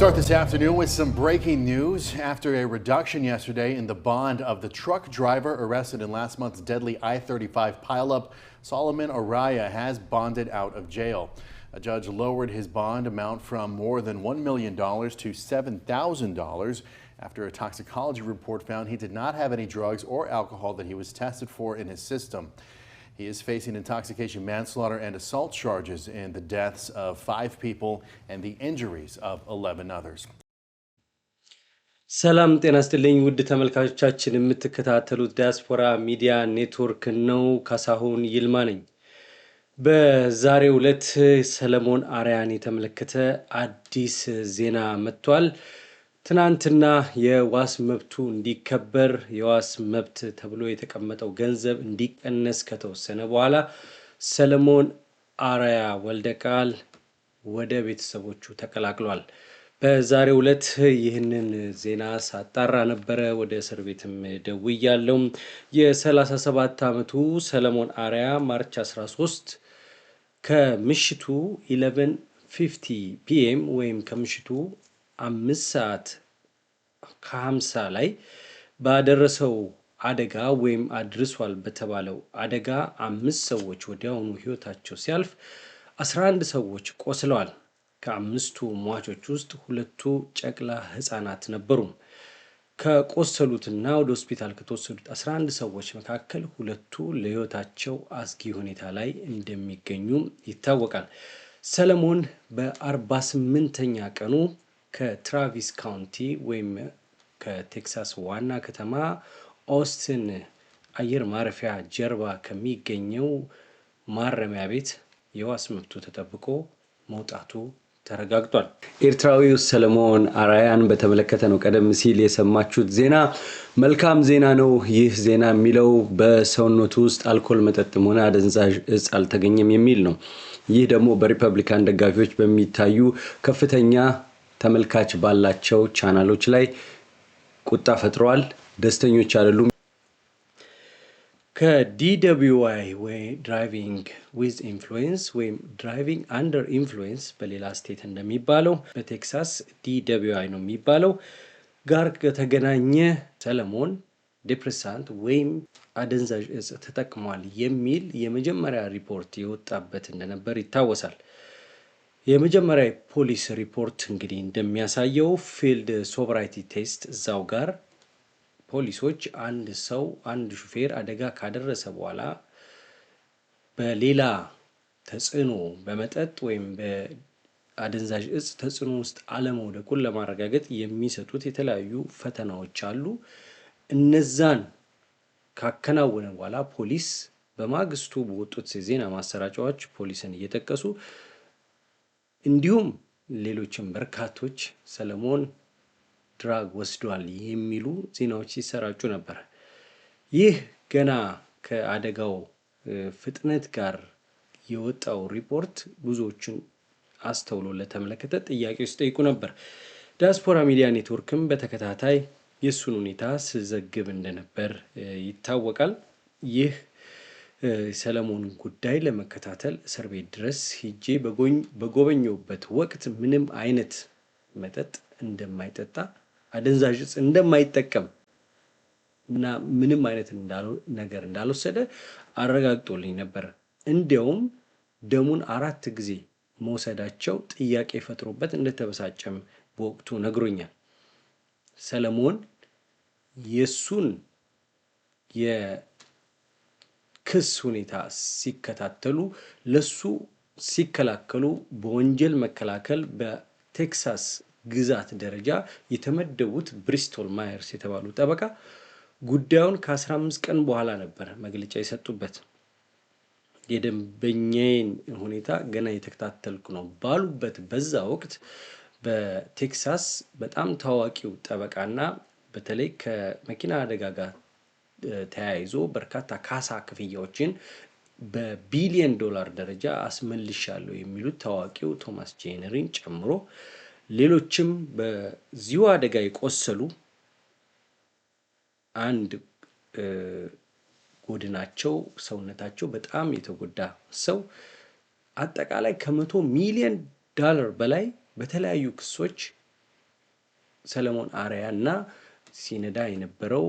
start this afternoon with some breaking news. After a reduction yesterday in the bond of the truck driver arrested in last month's deadly I 35 pileup, Solomon Araya has bonded out of jail. A judge lowered his bond amount from more than $1 million to $7,000 after a toxicology report found he did not have any drugs or alcohol that he was tested for in his system. He is facing intoxication, manslaughter, and assault charges in the deaths of five people and the injuries of 11 others. ሰላም ጤና ስትልኝ ውድ ተመልካቾቻችን የምትከታተሉት ዲያስፖራ ሚዲያ ኔትወርክ ነው። ካሳሁን ይልማ ነኝ። በዛሬው ዕለት ሰለሞን አርያን የተመለከተ አዲስ ዜና መጥቷል። ትናንትና የዋስ መብቱ እንዲከበር የዋስ መብት ተብሎ የተቀመጠው ገንዘብ እንዲቀነስ ከተወሰነ በኋላ ሰለሞን አራያ ወልደ ቃል ወደ ቤተሰቦቹ ተቀላቅሏል። በዛሬ ዕለት ይህንን ዜና ሳጣራ ነበረ። ወደ እስር ቤትም ደውያለው የ የ37 ዓመቱ ሰለሞን አራያ ማርች 13 ከምሽቱ 11 ፒኤም ወይም ከምሽቱ አምስት ሰዓት ከሀምሳ ላይ ባደረሰው አደጋ ወይም አድርሷል በተባለው አደጋ አምስት ሰዎች ወዲያውኑ ህይወታቸው ሲያልፍ 11 ሰዎች ቆስለዋል። ከአምስቱ ሟቾች ውስጥ ሁለቱ ጨቅላ ህፃናት ነበሩ። ከቆሰሉትና ወደ ሆስፒታል ከተወሰዱት 11 ሰዎች መካከል ሁለቱ ለህይወታቸው አስጊ ሁኔታ ላይ እንደሚገኙ ይታወቃል። ሰለሞን በ48ኛ ቀኑ ከትራቪስ ካውንቲ ወይም ከቴክሳስ ዋና ከተማ ኦስትን አየር ማረፊያ ጀርባ ከሚገኘው ማረሚያ ቤት የዋስ መብቱ ተጠብቆ መውጣቱ ተረጋግጧል። ኤርትራዊው ሰለሞን አራያን በተመለከተ ነው ቀደም ሲል የሰማችሁት ዜና። መልካም ዜና ነው። ይህ ዜና የሚለው በሰውነቱ ውስጥ አልኮል መጠጥም ሆነ አደንዛዥ እጽ አልተገኘም የሚል ነው። ይህ ደግሞ በሪፐብሊካን ደጋፊዎች በሚታዩ ከፍተኛ ተመልካች ባላቸው ቻናሎች ላይ ቁጣ ፈጥረዋል። ደስተኞች አይደሉም። ከዲደብሊውአይ ወይ ድራይቪንግ ዊዝ ኢንፍሉዌንስ ወይም ድራይቪንግ አንደር ኢንፍሉዌንስ በሌላ ስቴት እንደሚባለው በቴክሳስ ዲደብሊውአይ ነው የሚባለው ጋር ከተገናኘ ሰለሞን ዲፕሬሳንት ወይም አደንዛዥ እጽ ተጠቅሟል የሚል የመጀመሪያ ሪፖርት የወጣበት እንደነበር ይታወሳል። የመጀመሪያ ፖሊስ ሪፖርት እንግዲህ እንደሚያሳየው ፊልድ ሶብራይቲ ቴስት እዛው ጋር ፖሊሶች አንድ ሰው አንድ ሹፌር አደጋ ካደረሰ በኋላ በሌላ ተጽዕኖ በመጠጥ ወይም በአደንዛዥ እጽ ተጽዕኖ ውስጥ አለመውደቁን ለማረጋገጥ የሚሰጡት የተለያዩ ፈተናዎች አሉ። እነዛን ካከናወነ በኋላ ፖሊስ በማግስቱ በወጡት የዜና ማሰራጫዎች ፖሊስን እየጠቀሱ እንዲሁም ሌሎችም በርካቶች ሰለሞን ድራግ ወስዷል የሚሉ ዜናዎች ሲሰራጩ ነበር። ይህ ገና ከአደጋው ፍጥነት ጋር የወጣው ሪፖርት ብዙዎችን አስተውሎ ለተመለከተ ጥያቄ ውስጥ ጠይቁ ነበር። ዲያስፖራ ሚዲያ ኔትወርክም በተከታታይ የእሱን ሁኔታ ስዘግብ እንደነበር ይታወቃል። ይህ ሰለሞንን ጉዳይ ለመከታተል እስር ቤት ድረስ ሂጄ በጎበኘውበት ወቅት ምንም አይነት መጠጥ እንደማይጠጣ አደንዛዥ እንደማይጠቀም እና ምንም አይነት ነገር እንዳልወሰደ አረጋግጦልኝ ነበር። እንዲያውም ደሙን አራት ጊዜ መውሰዳቸው ጥያቄ ፈጥሮበት እንደተበሳጨም በወቅቱ ነግሮኛል። ሰለሞን የእሱን ክስ ሁኔታ ሲከታተሉ ለሱ ሲከላከሉ በወንጀል መከላከል በቴክሳስ ግዛት ደረጃ የተመደቡት ብሪስቶል ማየርስ የተባሉ ጠበቃ ጉዳዩን ከ15 ቀን በኋላ ነበረ መግለጫ የሰጡበት። የደንበኛዬን ሁኔታ ገና የተከታተልኩ ነው ባሉበት በዛ ወቅት በቴክሳስ በጣም ታዋቂው ጠበቃና በተለይ ከመኪና አደጋ ጋር ተያይዞ በርካታ ካሳ ክፍያዎችን በቢሊየን ዶላር ደረጃ አስመልሻለሁ የሚሉት ታዋቂው ቶማስ ጄነሪን ጨምሮ ሌሎችም በዚሁ አደጋ የቆሰሉ አንድ ጎድናቸው ሰውነታቸው በጣም የተጎዳ ሰው አጠቃላይ ከመቶ ሚሊዮን ዳለር በላይ በተለያዩ ክሶች ሰለሞን አርያ እና ሲነዳ የነበረው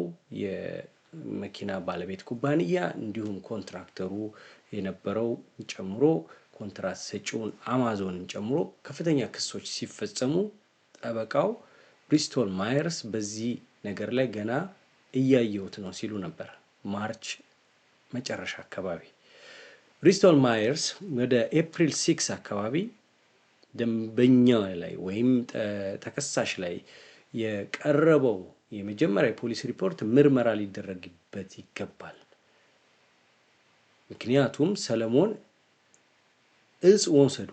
መኪና ባለቤት ኩባንያ እንዲሁም ኮንትራክተሩ የነበረው ጨምሮ ኮንትራት ሰጪውን አማዞንን ጨምሮ ከፍተኛ ክሶች ሲፈጸሙ ጠበቃው ብሪስቶል ማየርስ በዚህ ነገር ላይ ገና እያየሁት ነው ሲሉ ነበር። ማርች መጨረሻ አካባቢ ብሪስቶል ማየርስ ወደ ኤፕሪል ሲክስ አካባቢ ደንበኛ ላይ ወይም ተከሳሽ ላይ የቀረበው የመጀመሪያ የፖሊስ ሪፖርት ምርመራ ሊደረግበት ይገባል። ምክንያቱም ሰለሞን እጽ ወሰዱ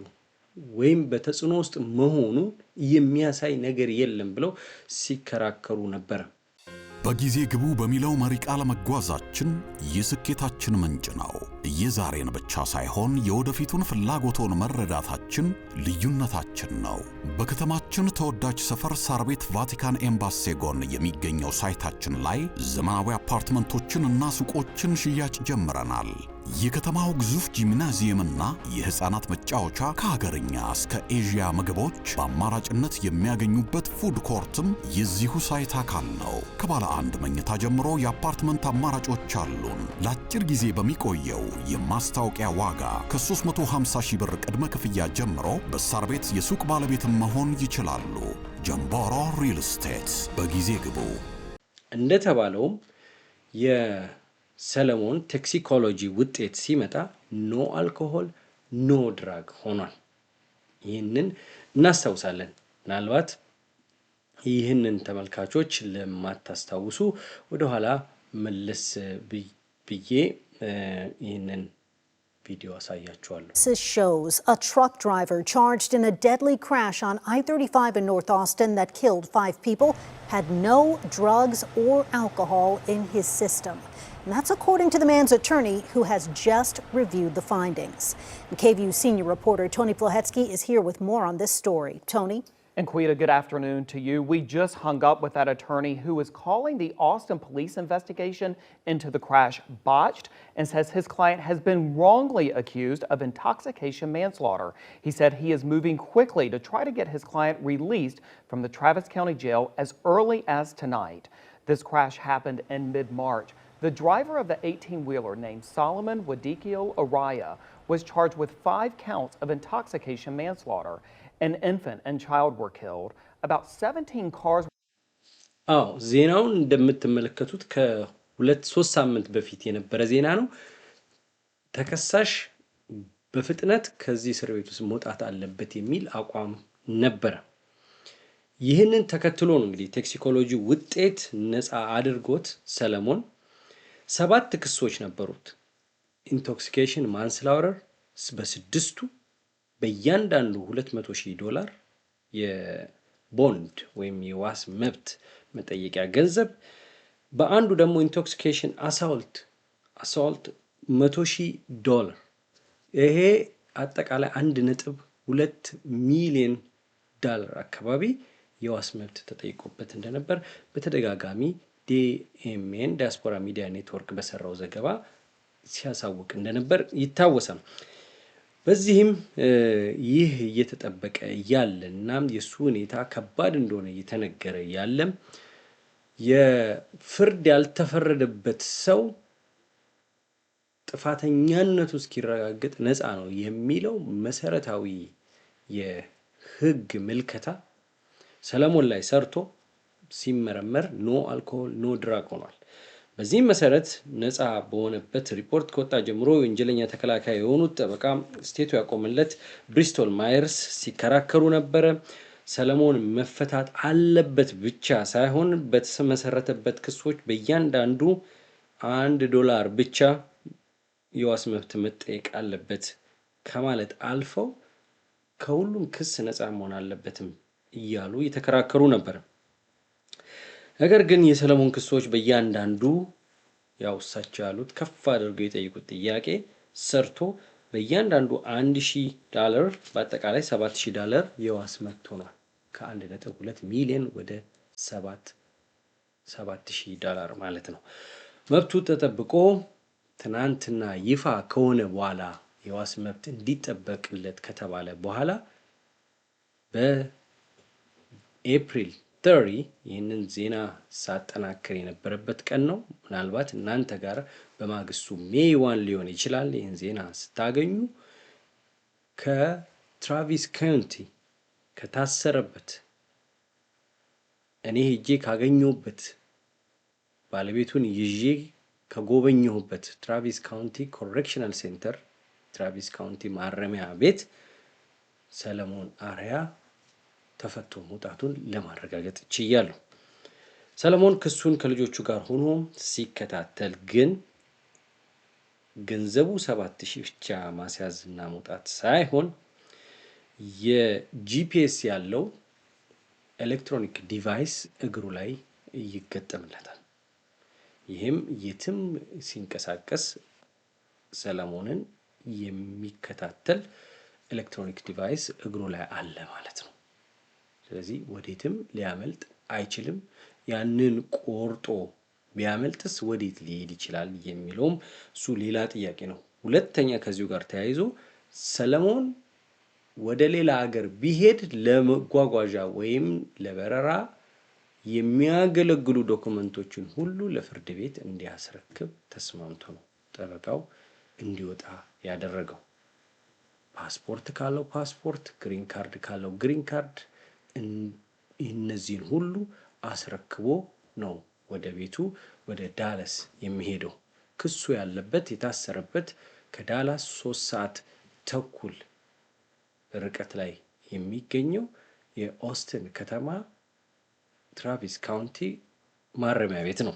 ወይም በተጽዕኖ ውስጥ መሆኑን የሚያሳይ ነገር የለም ብለው ሲከራከሩ ነበር። በጊዜ ግቡ በሚለው መሪ ቃል መጓዛችን የስኬታችን ምንጭ ነው። የዛሬን ብቻ ሳይሆን የወደፊቱን ፍላጎቶን መረዳታችን ልዩነታችን ነው። በከተማችን ተወዳጅ ሰፈር ሳር ቤት ቫቲካን ኤምባሴ ጎን የሚገኘው ሳይታችን ላይ ዘመናዊ አፓርትመንቶችን እና ሱቆችን ሽያጭ ጀምረናል። የከተማው ግዙፍ ጂምናዚየምና የህፃናት መጫወቻ ከሀገርኛ እስከ ኤዥያ ምግቦች በአማራጭነት የሚያገኙበት ፉድ ኮርትም የዚሁ ሳይት አካል ነው። ከባለ አንድ መኝታ ጀምሮ የአፓርትመንት አማራጮች አሉን። ለአጭር ጊዜ በሚቆየው የማስታወቂያ ዋጋ ከ350 ሺህ ብር ቅድመ ክፍያ ጀምሮ በሳር ቤት የሱቅ ባለቤትም መሆን ይችላሉ። ጀምባሮ ሪል ስቴት በጊዜ ግቡ። እንደተባለውም ሰለሞን ቶክሲኮሎጂ ውጤት ሲመጣ ኖ አልኮሆል ኖ ድራግ ሆኗል። ይህንን እናስታውሳለን። ምናልባት ይህንን ተመልካቾች ለማታስታውሱ ወደኋላ This shows a truck driver charged in a deadly crash on I-35 in North Austin that killed five people had no drugs or alcohol in his system. That's according to the man's attorney, who has just reviewed the findings. And KVU senior reporter Tony Plahetsky is here with more on this story. Tony? And Quita, good afternoon to you. We just hung up with that attorney who is calling the Austin police investigation into the crash botched and says his client has been wrongly accused of intoxication manslaughter. He said he is moving quickly to try to get his client released from the Travis County Jail as early as tonight. This crash happened in mid March. The driver of the 18-wheeler named Solomon Wadikio Araya was charged with five counts of intoxication manslaughter. An infant and child were killed. About 17 cars አዎ ዜናውን እንደምትመለከቱት ከሁለት ሶስት ሳምንት በፊት የነበረ ዜና ነው። ተከሳሽ በፍጥነት ከዚህ እስር ቤት ውስጥ መውጣት አለበት የሚል አቋም ነበረ። ይህንን ተከትሎ ነው እንግዲህ ቴክሲኮሎጂ ውጤት ነፃ አድርጎት ሰለሞን ሰባት ክሶች ነበሩት። ኢንቶክሲኬሽን ማንስላውረር በስድስቱ በእያንዳንዱ 200 ሺህ ዶላር የቦንድ ወይም የዋስ መብት መጠየቂያ ገንዘብ፣ በአንዱ ደግሞ ኢንቶክሲኬሽን አሳልት አሳልት 100 ሺህ ዶላር። ይሄ አጠቃላይ አንድ ነጥብ ሁለት ሚሊዮን ዳላር አካባቢ የዋስ መብት ተጠይቆበት እንደነበር በተደጋጋሚ ዲኤምኤን ዲያስፖራ ሚዲያ ኔትወርክ በሰራው ዘገባ ሲያሳውቅ እንደነበር ይታወሳል። በዚህም ይህ እየተጠበቀ ያለ እና የእሱ ሁኔታ ከባድ እንደሆነ እየተነገረ ያለ የፍርድ ያልተፈረደበት ሰው ጥፋተኛነቱ እስኪረጋገጥ ነፃ ነው የሚለው መሰረታዊ የህግ ምልከታ ሰለሞን ላይ ሰርቶ ሲመረመር ኖ አልኮል ኖ ድራግ ሆኗል። በዚህም መሰረት ነፃ በሆነበት ሪፖርት ከወጣ ጀምሮ የወንጀለኛ ተከላካይ የሆኑት ጠበቃ ስቴቱ ያቆመለት ብሪስቶል ማየርስ ሲከራከሩ ነበረ። ሰለሞን መፈታት አለበት ብቻ ሳይሆን በተመሰረተበት ክሶች በእያንዳንዱ አንድ ዶላር ብቻ የዋስ መብት መጠየቅ አለበት ከማለት አልፈው ከሁሉም ክስ ነፃ መሆን አለበትም እያሉ የተከራከሩ ነበር። ነገር ግን የሰለሞን ክሶች በእያንዳንዱ ያው እሳቸው ያሉት ከፍ አድርገው የጠይቁት ጥያቄ ሰርቶ በእያንዳንዱ አንድ ሺህ ዳለር በአጠቃላይ ሰባት ሺህ ዳለር የዋስ መብት ሆኗል። ከአንድ ነጥብ ሁለት ሚሊዮን ወደ ሰባት ሰባት ሺህ ዳላር ማለት ነው። መብቱ ተጠብቆ ትናንትና ይፋ ከሆነ በኋላ የዋስ መብት እንዲጠበቅለት ከተባለ በኋላ በኤፕሪል ተሪ ይህንን ዜና ሳጠናክር የነበረበት ቀን ነው። ምናልባት እናንተ ጋር በማግስቱ ሜይ ዋን ሊሆን ይችላል። ይህን ዜና ስታገኙ ከትራቪስ ካውንቲ ከታሰረበት እኔ ሄጄ ካገኘሁበት ባለቤቱን ይዤ ከጎበኘሁበት ትራቪስ ካውንቲ ኮሬክሽናል ሴንተር ትራቪስ ካውንቲ ማረሚያ ቤት ሰለሞን አርያ ተፈቶ መውጣቱን ለማረጋገጥ ችያለሁ። ሰለሞን ክሱን ከልጆቹ ጋር ሆኖ ሲከታተል ግን ገንዘቡ ሰባት ሺህ ብቻ ማስያዝና መውጣት ሳይሆን የጂፒኤስ ያለው ኤሌክትሮኒክ ዲቫይስ እግሩ ላይ ይገጠምለታል። ይህም የትም ሲንቀሳቀስ ሰለሞንን የሚከታተል ኤሌክትሮኒክ ዲቫይስ እግሩ ላይ አለ ማለት ነው። ስለዚህ ወዴትም ሊያመልጥ አይችልም። ያንን ቆርጦ ቢያመልጥስ ወዴት ሊሄድ ይችላል የሚለውም እሱ ሌላ ጥያቄ ነው። ሁለተኛ ከዚሁ ጋር ተያይዞ ሰለሞን ወደ ሌላ ሀገር ቢሄድ ለመጓጓዣ ወይም ለበረራ የሚያገለግሉ ዶክመንቶችን ሁሉ ለፍርድ ቤት እንዲያስረክብ ተስማምቶ ነው ጠበቃው እንዲወጣ ያደረገው። ፓስፖርት ካለው ፓስፖርት፣ ግሪን ካርድ ካለው ግሪን ካርድ እነዚህን ሁሉ አስረክቦ ነው ወደ ቤቱ ወደ ዳላስ የሚሄደው። ክሱ ያለበት የታሰረበት ከዳላስ ሶስት ሰዓት ተኩል ርቀት ላይ የሚገኘው የኦስትን ከተማ ትራቪስ ካውንቲ ማረሚያ ቤት ነው።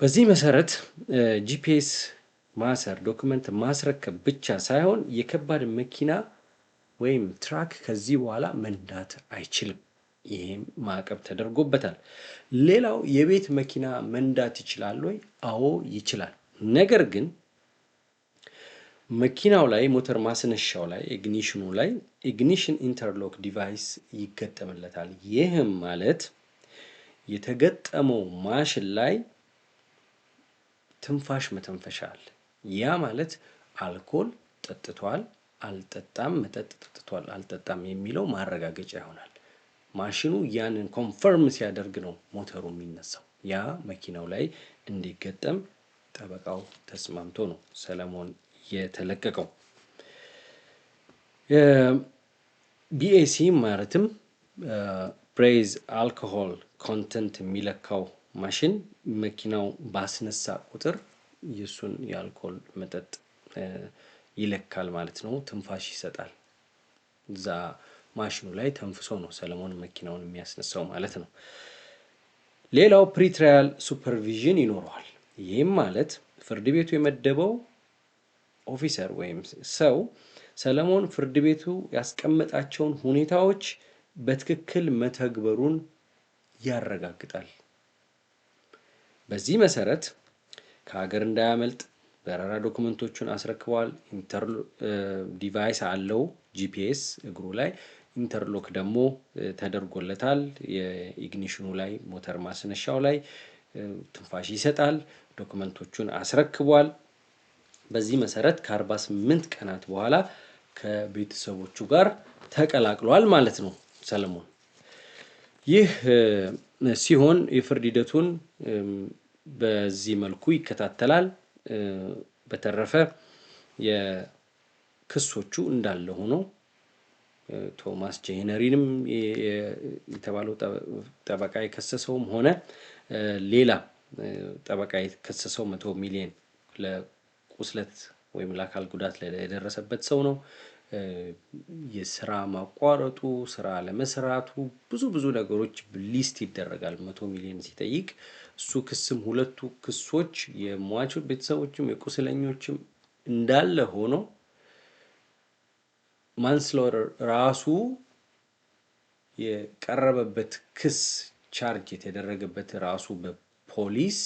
በዚህ መሰረት ጂፒኤስ ማሰር ዶክመንት ማስረከብ ብቻ ሳይሆን የከባድ መኪና ወይም ትራክ ከዚህ በኋላ መንዳት አይችልም። ይህም ማዕቀብ ተደርጎበታል። ሌላው የቤት መኪና መንዳት ይችላል ወይ? አዎ ይችላል። ነገር ግን መኪናው ላይ ሞተር ማስነሻው ላይ ኢግኒሽኑ ላይ ኢግኒሽን ኢንተርሎክ ዲቫይስ ይገጠምለታል። ይህም ማለት የተገጠመው ማሽን ላይ ትንፋሽ መተንፈሻ አለ። ያ ማለት አልኮል ጠጥቷል አልጠጣም መጠጥ ጠጥቷል አልጠጣም የሚለው ማረጋገጫ ይሆናል። ማሽኑ ያንን ኮንፈርም ሲያደርግ ነው ሞተሩ የሚነሳው። ያ መኪናው ላይ እንዲገጠም ጠበቃው ተስማምቶ ነው ሰለሞን የተለቀቀው። ቢኤሲ ማለትም ፕሬዝ አልኮሆል ኮንተንት የሚለካው ማሽን መኪናው ባስነሳ ቁጥር የእሱን የአልኮል መጠጥ ይለካል ማለት ነው። ትንፋሽ ይሰጣል። እዛ ማሽኑ ላይ ተንፍሶ ነው ሰለሞን መኪናውን የሚያስነሳው ማለት ነው። ሌላው ፕሪትራያል ሱፐርቪዥን ይኖረዋል። ይህም ማለት ፍርድ ቤቱ የመደበው ኦፊሰር ወይም ሰው ሰለሞን ፍርድ ቤቱ ያስቀመጣቸውን ሁኔታዎች በትክክል መተግበሩን ያረጋግጣል። በዚህ መሰረት ከሀገር እንዳያመልጥ በረራ ዶክመንቶቹን አስረክቧል። ዲቫይስ አለው ጂፒኤስ እግሩ ላይ ኢንተርሎክ ደግሞ ተደርጎለታል። የኢግኒሽኑ ላይ ሞተር ማስነሻው ላይ ትንፋሽ ይሰጣል። ዶክመንቶቹን አስረክቧል። በዚህ መሰረት ከ48 ቀናት በኋላ ከቤተሰቦቹ ጋር ተቀላቅሏል ማለት ነው ሰለሞን። ይህ ሲሆን የፍርድ ሂደቱን በዚህ መልኩ ይከታተላል። በተረፈ የክሶቹ እንዳለ ሆኖ ቶማስ ጄነሪንም የተባለው ጠበቃ የከሰሰውም ሆነ ሌላ ጠበቃ የከሰሰው መቶ ሚሊዮን ለቁስለት ወይም ለአካል ጉዳት የደረሰበት ሰው ነው። የስራ ማቋረጡ ስራ ለመስራቱ ብዙ ብዙ ነገሮች ሊስት ይደረጋል መቶ ሚሊዮን ሲጠይቅ እሱ ክስም ሁለቱ ክሶች የሟቹ ቤተሰቦችም የቁስለኞችም እንዳለ ሆኖ ማንስሎተር ራሱ የቀረበበት ክስ ቻርጅ የተደረገበት ራሱ በፖሊስ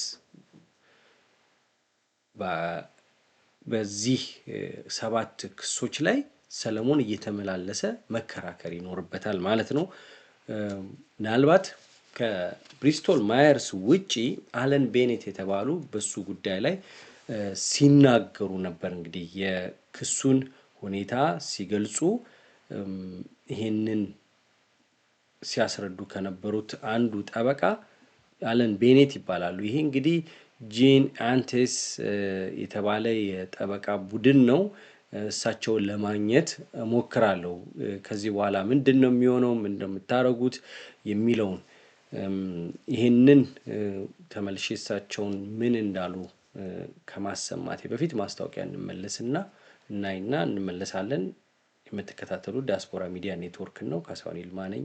በዚህ ሰባት ክሶች ላይ ሰለሞን እየተመላለሰ መከራከር ይኖርበታል ማለት ነው። ምናልባት ከብሪስቶል ማየርስ ውጪ አለን ቤኔት የተባሉ በሱ ጉዳይ ላይ ሲናገሩ ነበር። እንግዲህ የክሱን ሁኔታ ሲገልጹ ይሄንን ሲያስረዱ ከነበሩት አንዱ ጠበቃ አለን ቤኔት ይባላሉ። ይሄ እንግዲህ ጂን አንቴስ የተባለ የጠበቃ ቡድን ነው። እሳቸውን ለማግኘት እሞክራለሁ። ከዚህ በኋላ ምንድን ነው የሚሆነው ምን እንደምታደርጉት የሚለውን ይህንን ተመልሼ እሳቸውን ምን እንዳሉ ከማሰማቴ በፊት ማስታወቂያ እንመለስና እናይና እንመለሳለን። የምትከታተሉት ዲያስፖራ ሚዲያ ኔትወርክን ነው። ካሳሁን ይልማ ነኝ።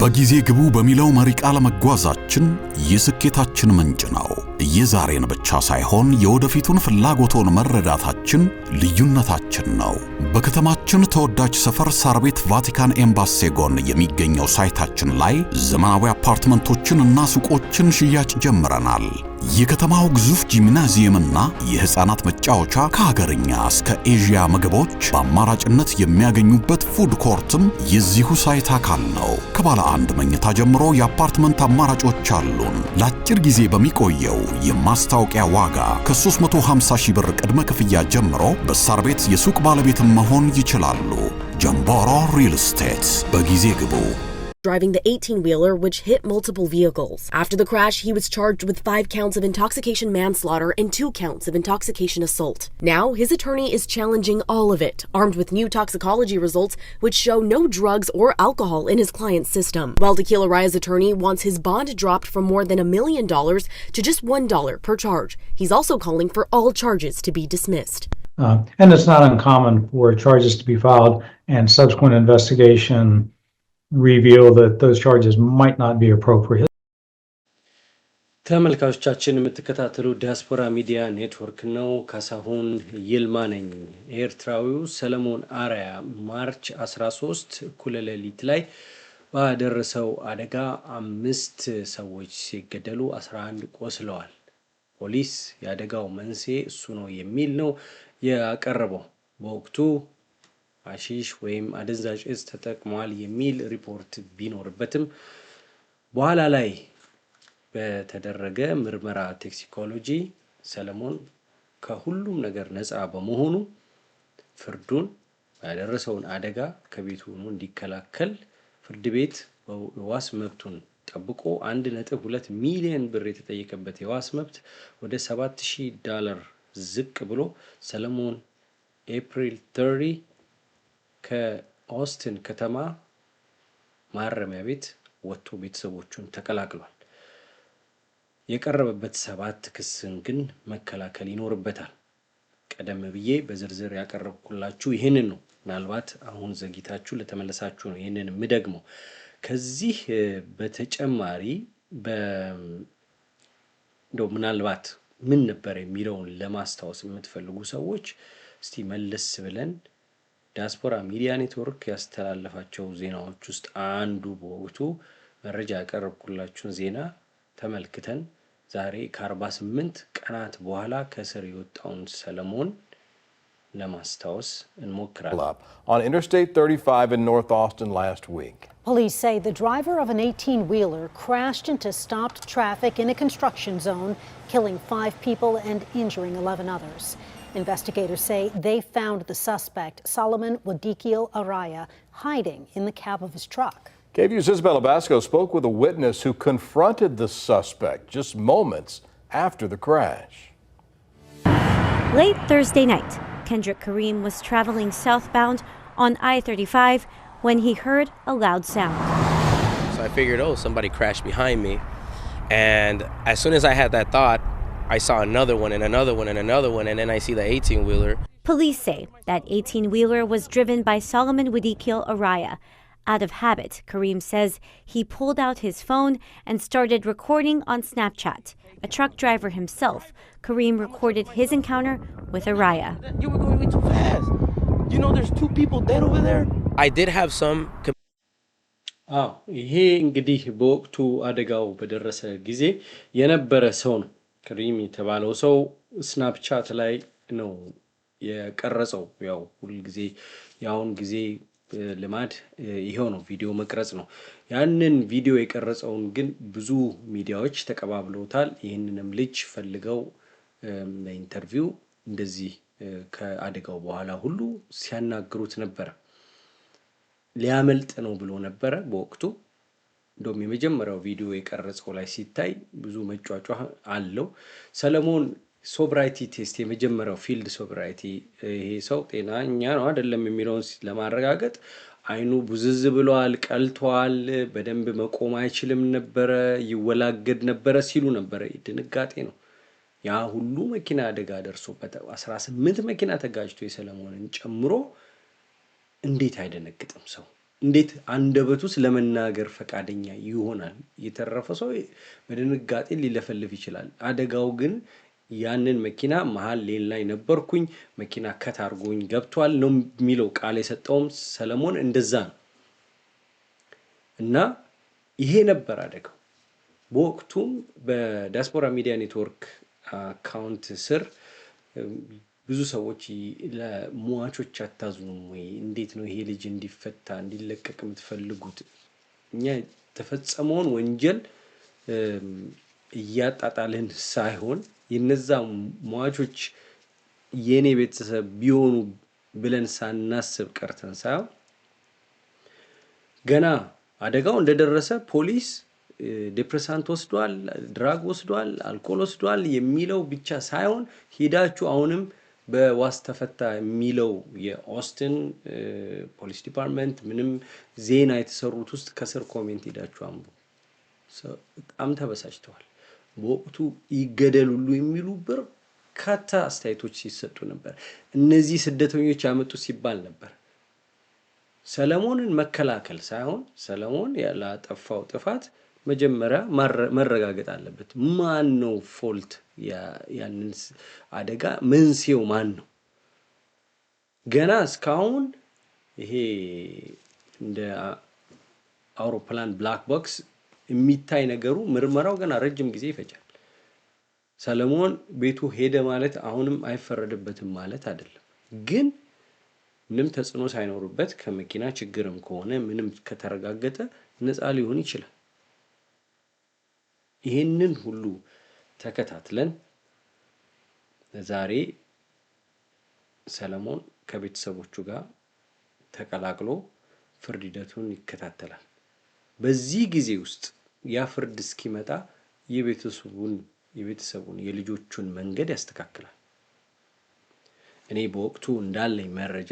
በጊዜ ግቡ በሚለው መሪ ቃል መጓዛችን የስኬታችን ምንጭ ነው። የዛሬን ብቻ ሳይሆን የወደፊቱን ፍላጎቶን መረዳታችን ልዩነታችን ነው። በከተማችን ተወዳጅ ሰፈር ሳር ቤት ቫቲካን ኤምባሴ ጎን የሚገኘው ሳይታችን ላይ ዘመናዊ አፓርትመንቶችን እና ሱቆችን ሽያጭ ጀምረናል። የከተማው ግዙፍ ጂምናዚየምና የህፃናት መጫወቻ ከሀገርኛ እስከ ኤዥያ ምግቦች በአማራጭነት የሚያገኙበት ፉድ ኮርትም የዚሁ ሳይት አካል ነው። ከባለ አንድ መኝታ ጀምሮ የአፓርትመንት አማራጮች አሉን። ለአጭር ጊዜ በሚቆየው የማስታወቂያ ዋጋ ከ350 ሺህ ብር ቅድመ ክፍያ ጀምሮ በሳር ቤት የሱቅ ባለቤትም መሆን ይችላሉ። ጀምቦሮ ሪል ስቴት በጊዜ ግቡ። driving the 18 wheeler, which hit multiple vehicles. After the crash, he was charged with five counts of intoxication manslaughter and two counts of intoxication assault. Now, his attorney is challenging all of it, armed with new toxicology results which show no drugs or alcohol in his client's system. While Tequila Raya's attorney wants his bond dropped from more than a million dollars to just one dollar per charge. He's also calling for all charges to be dismissed. Uh, and it's not uncommon for charges to be filed and subsequent investigation reveal that those charges might not be appropriate. ተመልካቾቻችን የምትከታተሉ ዲያስፖራ ሚዲያ ኔትወርክ ነው። ካሳሁን ይልማ ነኝ። ኤርትራዊው ሰለሞን አርአያ ማርች 13 እኩለ ሌሊት ላይ ባደረሰው አደጋ አምስት ሰዎች ሲገደሉ 11 ቆስለዋል። ፖሊስ የአደጋው መንስኤ እሱ ነው የሚል ነው ያቀረበው በወቅቱ አሺሽ ወይም አደንዛዥ እጽ ተጠቅሟል የሚል ሪፖርት ቢኖርበትም በኋላ ላይ በተደረገ ምርመራ ቶክሲኮሎጂ ሰለሞን ከሁሉም ነገር ነፃ በመሆኑ ፍርዱን ያደረሰውን አደጋ ከቤቱ ሆኖ እንዲከላከል ፍርድ ቤት የዋስ መብቱን ጠብቆ አንድ ነጥብ ሁለት ሚሊዮን ብር የተጠየቀበት የዋስ መብት ወደ ሺህ ዳላር ዝቅ ብሎ ሰለሞን ኤፕሪል ከኦስትን ከተማ ማረሚያ ቤት ወጥቶ ቤተሰቦቹን ተቀላቅሏል። የቀረበበት ሰባት ክስን ግን መከላከል ይኖርበታል። ቀደም ብዬ በዝርዝር ያቀረብኩላችሁ ይህንን ነው። ምናልባት አሁን ዘግይታችሁ ለተመለሳችሁ ነው ይህንን የምደግመው። ከዚህ በተጨማሪ እንደው ምናልባት ምን ነበር የሚለውን ለማስታወስ የምትፈልጉ ሰዎች እስቲ መለስ ብለን ዲያስፖራ ሚዲያ ኔትወርክ ያስተላለፋቸው ዜናዎች ውስጥ አንዱ በወቅቱ መረጃ ያቀረብኩላችሁን ዜና ተመልክተን ዛሬ ከ48 ቀናት በኋላ ከእስር የወጣውን ሰለሞን ለማስታወስ እንሞክራለን። On Interstate 35 in North Austin last week. Police say the driver of an 18-wheeler crashed into stopped traffic in a construction zone, killing five people and injuring 11 others. Investigators say they found the suspect, Solomon Wadikil Araya, hiding in the cab of his truck. KVU's Isabella Basco spoke with a witness who confronted the suspect just moments after the crash. Late Thursday night, Kendrick Kareem was traveling southbound on I 35 when he heard a loud sound. So I figured, oh, somebody crashed behind me. And as soon as I had that thought, I saw another one and another one and another one, and then I see the 18 wheeler. Police say that 18 wheeler was driven by Solomon Wadikil Araya. Out of habit, Kareem says he pulled out his phone and started recording on Snapchat. A truck driver himself, Kareem recorded his encounter with Araya. You were going way too fast. You know, there's two people dead over there. I did have some. አዎ ah, ይሄ እንግዲህ በወቅቱ አደጋው በደረሰ ጊዜ የነበረ ሰው ነው። ክሪም የተባለው ሰው ስናፕቻት ላይ ነው የቀረጸው። ያው ሁልጊዜ የአሁን ጊዜ ልማድ ይሄው ነው፣ ቪዲዮ መቅረጽ ነው። ያንን ቪዲዮ የቀረጸውን ግን ብዙ ሚዲያዎች ተቀባብለውታል። ይህንንም ልጅ ፈልገው ለኢንተርቪው እንደዚህ ከአደጋው በኋላ ሁሉ ሲያናግሩት ነበረ። ሊያመልጥ ነው ብሎ ነበረ በወቅቱ እንደውም የመጀመሪያው ቪዲዮ የቀረጸው ላይ ሲታይ ብዙ መጫጫ አለው። ሰለሞን ሶብራይቲ ቴስት የመጀመሪያው ፊልድ ሶብራይቲ ይሄ ሰው ጤናኛ ነው አይደለም የሚለውን ለማረጋገጥ አይኑ ቡዝዝ ብሏል፣ ቀልቷል፣ በደንብ መቆም አይችልም ነበረ፣ ይወላገድ ነበረ ሲሉ ነበረ። ድንጋጤ ነው። ያ ሁሉ መኪና አደጋ ደርሶበት 18 መኪና ተጋጅቶ የሰለሞንን ጨምሮ እንዴት አይደነግጥም ሰው? እንዴት አንደበቱ ስለመናገር ፈቃደኛ ይሆናል? የተረፈ ሰው በድንጋጤ ሊለፈልፍ ይችላል። አደጋው ግን ያንን መኪና መሀል ሌን ላይ ነበርኩኝ፣ መኪና ከታርጎኝ ገብቷል ነው የሚለው ቃል የሰጠውም ሰለሞን እንደዛ ነው። እና ይሄ ነበር አደጋው። በወቅቱም በዲያስፖራ ሚዲያ ኔትወርክ አካውንት ስር ብዙ ሰዎች ለሟቾች አታዝኑም ወይ? እንዴት ነው ይሄ ልጅ እንዲፈታ እንዲለቀቅ የምትፈልጉት? እኛ የተፈጸመውን ወንጀል እያጣጣልን ሳይሆን የነዛ ሟቾች የእኔ ቤተሰብ ቢሆኑ ብለን ሳናስብ ቀርተን ሳይሆን ገና አደጋው እንደደረሰ ፖሊስ ዴፕሬሳንት ወስዷል፣ ድራግ ወስዷል፣ አልኮል ወስዷል የሚለው ብቻ ሳይሆን ሄዳችሁ አሁንም በዋስ ተፈታ የሚለው የኦስትን ፖሊስ ዲፓርትመንት ምንም ዜና የተሰሩት ውስጥ ከስር ኮሜንት ሄዳችሁ አንቡ። በጣም ተበሳጭተዋል። በወቅቱ ይገደሉሉ የሚሉ በርካታ አስተያየቶች ሲሰጡ ነበር። እነዚህ ስደተኞች ያመጡት ሲባል ነበር። ሰለሞንን መከላከል ሳይሆን ሰለሞን ላጠፋው ጥፋት መጀመሪያ መረጋገጥ አለበት። ማን ነው ፎልት? ያንን አደጋ መንስኤው ማን ነው? ገና እስካሁን ይሄ እንደ አውሮፕላን ብላክ ቦክስ የሚታይ ነገሩ ምርመራው ገና ረጅም ጊዜ ይፈጃል። ሰለሞን ቤቱ ሄደ ማለት አሁንም አይፈረድበትም ማለት አይደለም። ግን ምንም ተጽዕኖ ሳይኖርበት ከመኪና ችግርም ከሆነ ምንም ከተረጋገጠ ነፃ ሊሆን ይችላል። ይሄንን ሁሉ ተከታትለን ዛሬ ሰለሞን ከቤተሰቦቹ ጋር ተቀላቅሎ ፍርድ ሂደቱን ይከታተላል። በዚህ ጊዜ ውስጥ ያ ፍርድ እስኪመጣ የቤተሰቡን የቤተሰቡን የልጆቹን መንገድ ያስተካክላል። እኔ በወቅቱ እንዳለኝ መረጃ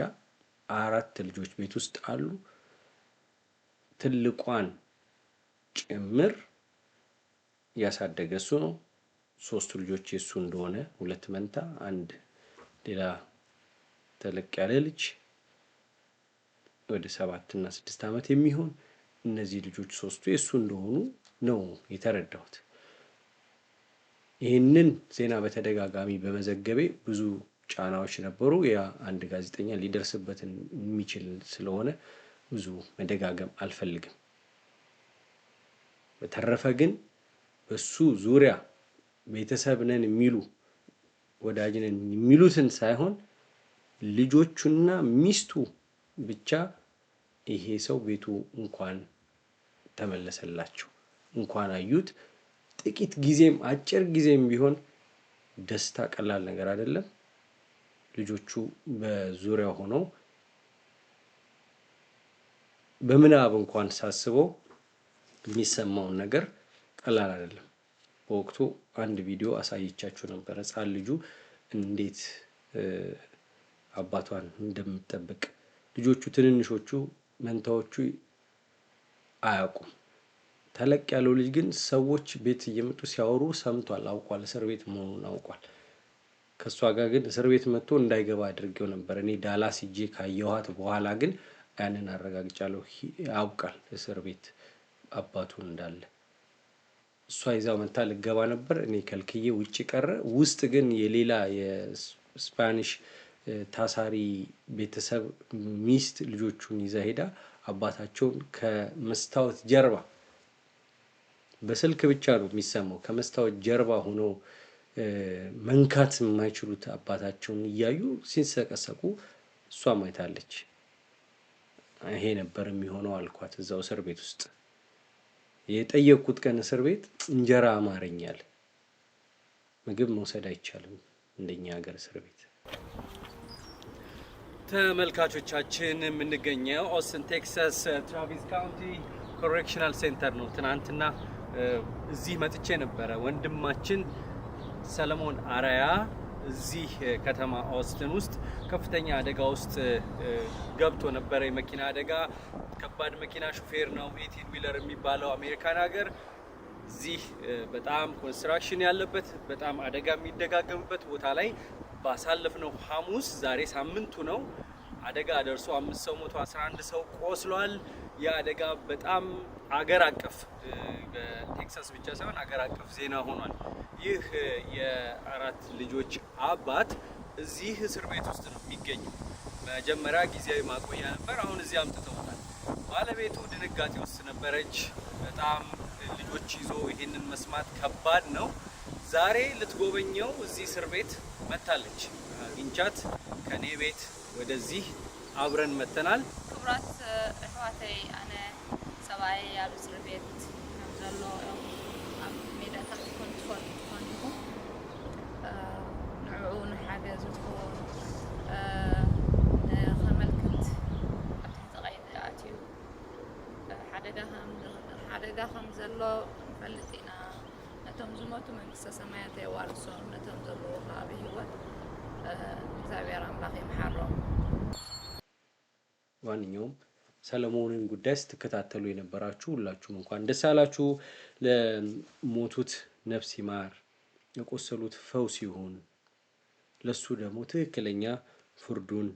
አራት ልጆች ቤት ውስጥ አሉ። ትልቋን ጭምር ያሳደገ እሱ ነው። ሶስቱ ልጆች የእሱ እንደሆነ ሁለት መንታ፣ አንድ ሌላ ተለቅ ያለ ልጅ ወደ ሰባት እና ስድስት ዓመት የሚሆን እነዚህ ልጆች ሶስቱ የእሱ እንደሆኑ ነው የተረዳሁት። ይህንን ዜና በተደጋጋሚ በመዘገቤ ብዙ ጫናዎች ነበሩ። ያ አንድ ጋዜጠኛ ሊደርስበት የሚችል ስለሆነ ብዙ መደጋገም አልፈልግም። በተረፈ ግን በሱ ዙሪያ ቤተሰብ ነን የሚሉ ወዳጅ ነን የሚሉትን ሳይሆን ልጆቹና ሚስቱ ብቻ ይሄ ሰው ቤቱ እንኳን ተመለሰላቸው እንኳን አዩት። ጥቂት ጊዜም አጭር ጊዜም ቢሆን ደስታ ቀላል ነገር አይደለም። ልጆቹ በዙሪያ ሆነው በምናብ እንኳን ሳስበው የሚሰማውን ነገር ቀላል አይደለም። በወቅቱ አንድ ቪዲዮ አሳይቻችሁ ነበረ። ሕፃን ልጁ እንዴት አባቷን እንደምጠብቅ ልጆቹ ትንንሾቹ መንታዎቹ አያውቁም። ተለቅ ያለው ልጅ ግን ሰዎች ቤት እየመጡ ሲያወሩ ሰምቷል፣ አውቋል፣ እስር ቤት መሆኑን አውቋል። ከእሷ ጋር ግን እስር ቤት መጥቶ እንዳይገባ አድርጌው ነበር። እኔ ዳላስ ሂጄ ካየኋት በኋላ ግን ያንን አረጋግጫለሁ። ያውቃል እስር ቤት አባቱን እንዳለ እሷ ይዛው መታ ልገባ ነበር። እኔ ከልክዬ ውጭ ቀረ። ውስጥ ግን የሌላ የስፓኒሽ ታሳሪ ቤተሰብ ሚስት ልጆቹን ይዛ ሄዳ አባታቸውን ከመስታወት ጀርባ በስልክ ብቻ ነው የሚሰማው። ከመስታወት ጀርባ ሆኖ መንካት የማይችሉት አባታቸውን እያዩ ሲንሰቀሰቁ እሷ ማየታለች ይሄ ነበር የሚሆነው አልኳት እዛው እስር ቤት ውስጥ የጠየቅኩት ቀን እስር ቤት እንጀራ አማረኛል። ምግብ መውሰድ አይቻልም እንደኛ ሀገር እስር ቤት። ተመልካቾቻችን የምንገኘው ኦስትን ቴክሳስ ትራቪስ ካውንቲ ኮሬክሽናል ሴንተር ነው። ትናንትና እዚህ መጥቼ ነበረ። ወንድማችን ሰለሞን አራያ እዚህ ከተማ ኦስትን ውስጥ ከፍተኛ አደጋ ውስጥ ገብቶ ነበረ። የመኪና አደጋ ከባድ መኪና ሹፌር ነው ኤቲን ዊለር የሚባለው አሜሪካን ሀገር እዚህ በጣም ኮንስትራክሽን ያለበት በጣም አደጋ የሚደጋገምበት ቦታ ላይ ባሳለፍነው ሐሙስ ዛሬ ሳምንቱ ነው አደጋ ደርሶ አምስት ሰው ሞቶ 11 ሰው ቆስሏል። ይህ አደጋ በጣም አገር አቀፍ በቴክሳስ ብቻ ሳይሆን አገር አቀፍ ዜና ሆኗል። ይህ የአራት ልጆች አባት እዚህ እስር ቤት ውስጥ ነው የሚገኘው። መጀመሪያ ጊዜያዊ ማቆያ ነበር፣ አሁን እዚህ አምጥተውታል። ባለቤቱ ድንጋጤ ውስጥ ነበረች። በጣም ልጆች ይዞ ይህንን መስማት ከባድ ነው። ዛሬ ልትጎበኘው እዚህ እስር ቤት መታለች። አግኝቻት ከኔ ቤት ወደዚህ አብረን መተናል። ክቡራት እሕዋተይ ኣነ ሰብኣይ ኣብ እስር ቤት ከም ዘሎ ኣብ ሜዳታት ኮንትሮል ኮይኑ ንዕኡ ንሓገዝ ዝኸውን ንኸመልክት ኣብ ትሕቲ ቀይዲ ኣትዩ ሓደጋ ከም ዘሎ ንፈልጥ ኢና ነቶም ዝሞቱ መንግስተ ሰማያት የዋርሶም ነቶም ዘለዎ ከባቢ ሂወት እግዚኣብሔር ኣምላኽ ይምሓሮም ማንኛውም ሰለሞንን ጉዳይ ስትከታተሉ የነበራችሁ ሁላችሁም እንኳን ደስ አላችሁ። ለሞቱት ነፍስ ይማር፣ የቆሰሉት ፈውስ ይሁን፣ ለሱ ደግሞ ትክክለኛ ፍርዱን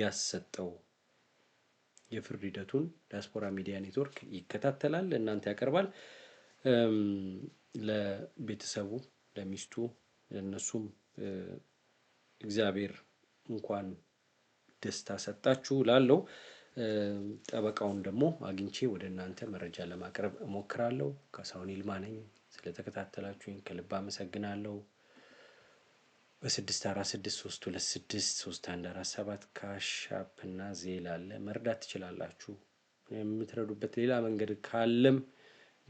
ያሰጠው። የፍርድ ሂደቱን ዲያስፖራ ሚዲያ ኔትወርክ ይከታተላል፣ እናንተ ያቀርባል። ለቤተሰቡ፣ ለሚስቱ፣ ለእነሱም እግዚአብሔር እንኳን ደስታ ሰጣችሁ ላለው ጠበቃውን ደግሞ አግኝቼ ወደ እናንተ መረጃ ለማቅረብ እሞክራለሁ። ካሳሁን ይልማ ነኝ። ስለተከታተላችሁኝ ከልብ አመሰግናለሁ። በስድስት አራት ስድስት ሶስት ሁለት ስድስት ሶስት አንድ አራት ሰባት ካሻፕ እና ዜል አለ መርዳት ትችላላችሁ። የምትረዱበት ሌላ መንገድ ካለም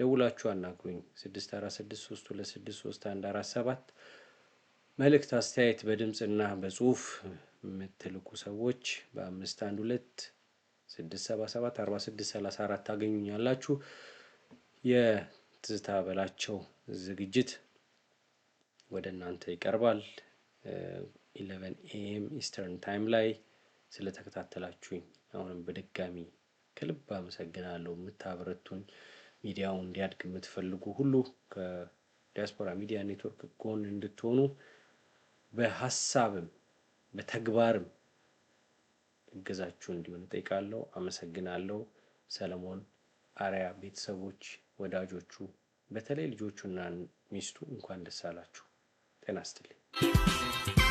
ደውላችሁ አናግሩኝ። ስድስት አራት ስድስት ሶስት ሁለት ስድስት ሶስት አንድ አራት ሰባት መልእክት፣ አስተያየት በድምፅና በጽሁፍ የምትልኩ ሰዎች በአምስት አንድ ሁለት ስድስት ሰባ ሰባት አርባ ስድስት ሰላሳ አራት ታገኙኛላችሁ። የትዝታ በላቸው ዝግጅት ወደ እናንተ ይቀርባል። ኢለቨን ኤኤም ኢስተርን ታይም ላይ ስለተከታተላችሁኝ አሁንም በድጋሚ ከልብ አመሰግናለሁ። የምታበረቱን ሚዲያውን እንዲያድግ የምትፈልጉ ሁሉ ከዲያስፖራ ሚዲያ ኔትወርክ ጎን እንድትሆኑ በሀሳብም በተግባርም እገዛችሁ እንዲሆን እጠይቃለሁ። አመሰግናለሁ። ሰለሞን አሪያ ቤተሰቦች፣ ወዳጆቹ፣ በተለይ ልጆቹና ሚስቱ እንኳን ደስ አላችሁ። ጤና ይስጥልኝ።